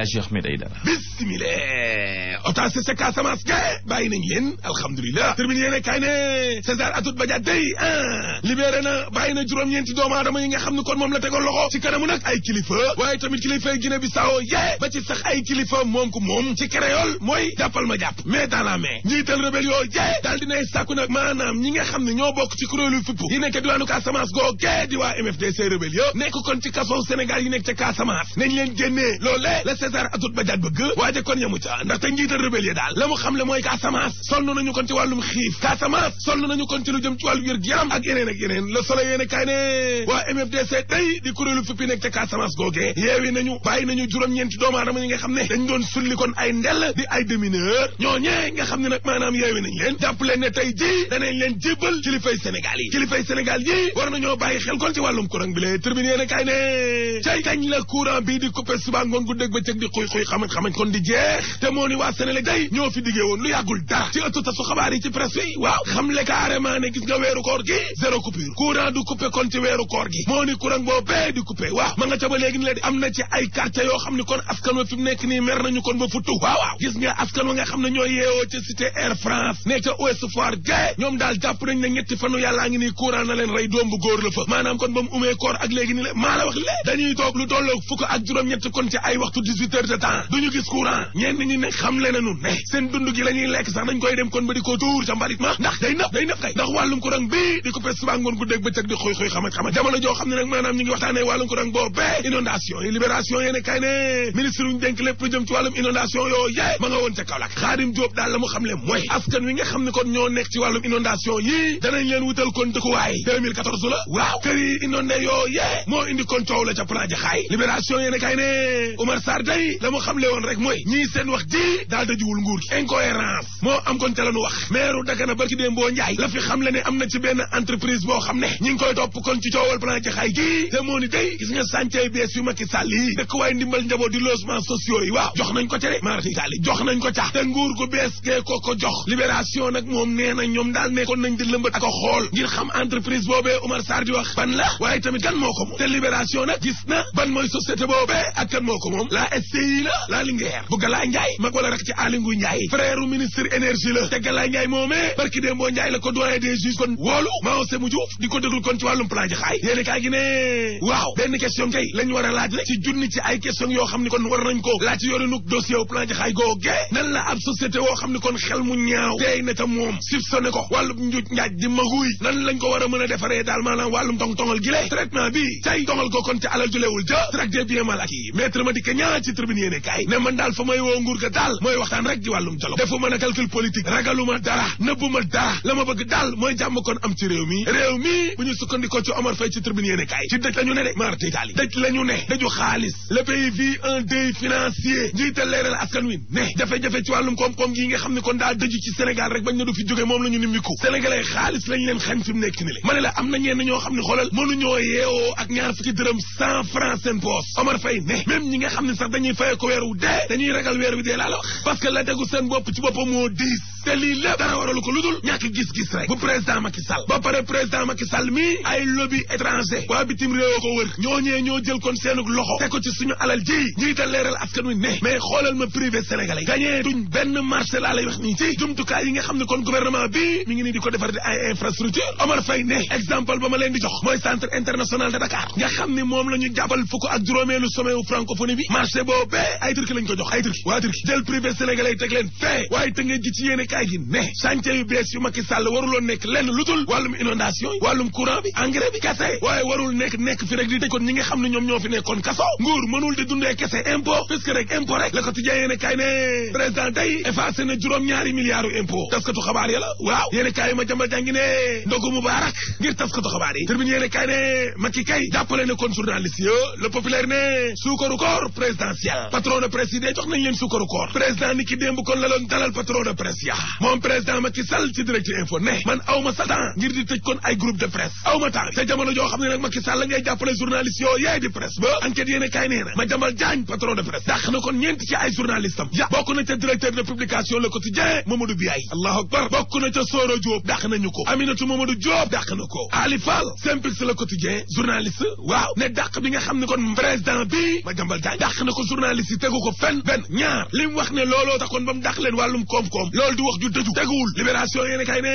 Aji Ahmed Aidara bismillah otage ca Casamance ga bàyyi nañ leen alhamdulilah termine yéene kay ne César Atoute Badiate day ah na bàyyi na juróom-ñeenti doomu aadama ñi nga xam ne kon moom la tegoon loxo ci kanamu nag ay kilifa waaye tamit kilifa yi Guinée Bissau yee ba ci sax ay kilifa moom ku moom ci créole mooy jàppal ma jàpp mais dans la main njiital rébellion yee daal dinay sàkku nag maanaam ñi nga xam ne ñoo bokk ci kuréelu fippu yi nekk diwaanu Casamance goo gee di waa nekk kon ci kaso Sénégal César Atoute Badiate bëgg waaye kon yamu ca ndaxte njiital rebelle daal la mu xam le mooy Casamance sonn nañu kon ci wàllum xiif Casamance sonn nañu kon ci lu jëm ci wàllu wér gi ak yeneen ak yeneen le soleil yéene kaay ne waa MFDC tey di kuréelu fippi nekk ca Casamance googee yeewi nañu bàyyi nañu juróom-ñeenti doomu ñi nga xam ne dañ doon sulli kon ay ndel di ay démineur ñooñee nga xam ne nag maanaam yeewi nañ leen jàpp leen ne tey ak di xuy xuy xamañ xamañ kon di jeex te moo ni waa Sénégal day ñoo fi diggee woon lu yàggul dara ci ëttu tasu xabaar yi ci presse waaw xam le carrément ne gis nga weeru koor gi zéro coupure courant du coupé kon ci weeru koor gi moo ni courant boobee di coupé waaw ma nga ca ba léegi ni la di am na ci ay quartier yoo xam ni kon askan wa fi mu nekk nii mer nañu kon ba futtu waaw waaw gis nga askan wa nga xam ne ñoo yeewoo ca cité Air France ne ca Ouest huit gis courant ñenn ñi ne xam le nañu ne seen dund gi la lekk sax dañ koy dem kon ba di ko tuur ca mbalit ma ndax day nëb day nëb kay ndax wàllum courant bi di ko pes subaa ngoon guddeeg bëccëg di xuy xuy xama xama jamono joo xam ne nag maanaam ñu ngi waxtaanee wàllum courant boobu inondation yi libération yéene kay ne ministre yu ñu dénk lépp jëm ci wàllum inondation yoo ma nga woon ca Kaolack Xaadim Jóob daal la mu xam le mooy askan day la mu xamle woon rek mooy ñii seen wax ji daal dajuwul nguur gi incohérence moo am kon ca wax maire Dagana barki dee mboo njaay la fi xam le am na ci benn entreprise boo xam ne ñi ngi koy topp kon ci coowal plan jaxaay gii te moo ni day gis nga chantier bees yu Macky Sall yi dëkkuwaay ndimbal njaboot di logement sociaux yi waaw jox nañ ko ca de marti Sall jox nañ ko ca te nguur gu bees gee ko ko jox libération nag moom nee na ñoom daal nekkoon nañ di lëmbat wax ban la waaye tamit kan moo ko moom te na ban mooy société boobee ak kan séy la la lingeer bu Galaay Njaay mag wala rek ci Alingu Njaay frère ministre énergie la te Galaay Njaay moomee barki dee moo Njaay la ko doyen des juges kon woolu Mao Sémou Diouf di ko déglu kon ci wàllum plan ji xaay yéeni kaay gi ne waaw benn question kay lañ war laaj rek ci junni ci ay question yoo xam ne kon war nañ ko laaj ci dossier plan ji xaay googe nan la ab société woo xam ne kon xel mu ñaaw tey na ta moom soupçonné ko ko war a mën tribune yéene kaay ne man daal fa may woo nguur ga daal mooy waxtaan rek di wàllum jalo defu mën a calcul politique ragaluma dara nëbbuma dara la ma bëgg daal mooy jàmm kon am ci réew mi réew mi bu ñu sukkandikoo ci Omar Faye ci tribune yéene kaay ci dëj la ñu ne de marte itaali dëj la ñu ne dëju xaalis le pays vit un deuil financier njiital leeral askan wi ne jafe-jafe ci wàllum koom-koom gi nga xam ne kon daa dëju ci Sénégal rek bañ na du fi jóge moom la ñu nimmiku sénégalais xaalis la ñuy fay ko weer wu dee dañuy ragal weer wi dee laa la wax parce la tegu seen bopp ci boppam moo diis te lii lépp dara waralu ko lu dul ñàkk gis-gis rek bu président Macky Sall ba pare président Macky Sall mi ay lobby étranger waa bitim réew ko wër ñooñee ñoo jël kon seenuk loxo te ko ci suñu alal ji ñuy dal leeral askan wi ne xoolal ma privé sénégalais gañee duñ benn marché laa lay wax nii ci jumtukaay yi nga xam ne kon gouvernement bi mi boobee ay turki lañ ko jox ay turki waa turki jël privé teg leen fee waaye te ngeen ji ci gi ne chantier yu bees yu Macky Sall waruloon nekk lenn lu dul wàllum inondation yi wàllum courant bi engrais bi kese waaye warul nekk nekk fi rek di tëj kon ñi nga xam ne ñoom ñoo fi nekkoon kaso nguur mënul di dundee kese impôt puisque rek impôt rek la ko tijjee yéene kaay ne président day effacé na juróom-ñaari milliards impôt taskatu xabaar ya waaw yéene kay jàppale ne ne présidentielle patron de presse yi de jox nañ leen sukkaru koor président ni ki démb kon la dalal patron de presse ya moom président Macky Sall ci direct info ne man aw ma satan ngir di tëj kon ay groupe de presse aw ma tax te jamono joo a ma jamal jaañ patron de presse na ja bokk de publication Le Quotidien Mamadou Biaye allahu akbar bokk na ca Soro Diop dàq nañu ko Aminata Mamadou Diop dàq na ko Ali Fall Simpix Le Quotidien journaliste waaw ne dàq bi nga xam ne kon président journaliste yi tegu ko fenn benn ñaar li mu wax ba mu dàq leen wàllum koom-koom loolu di wax ju dëju teguwul libération yéene kay ne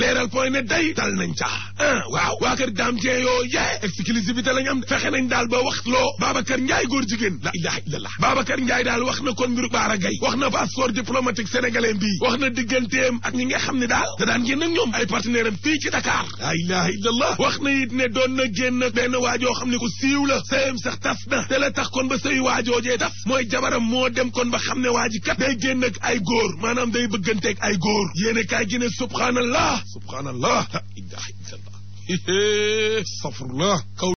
leeral point ne day dal nañ caa ah waaw waa kër daam jee yoo yee exclusivité lañ am fexe nañ daal ba wax loo Babacar Ndiaye góor jigéen la ilaha illallah Babacar Ndiaye daal wax na kon mbiru Baara Gaye wax na passeport diplomatique sénégalais bii wax na digganteem ak ñi nga xam ne daal da daan génn ak ñoom ay partenaire am fii ci Dakar la ilaha illallah wax na it ne doon na génn benn waajoo xam ne ko siiw la sëyam sax tas na te la tax kon ba sëy waajoo jee dee mooy jabaram moo dem kon ba xam ne waa ji kat day génn ak ay góor maanaam day bëgganteeg ay góor yéene kaay gi ne subhaanallah subhaanallah la ilaha illallah safrullah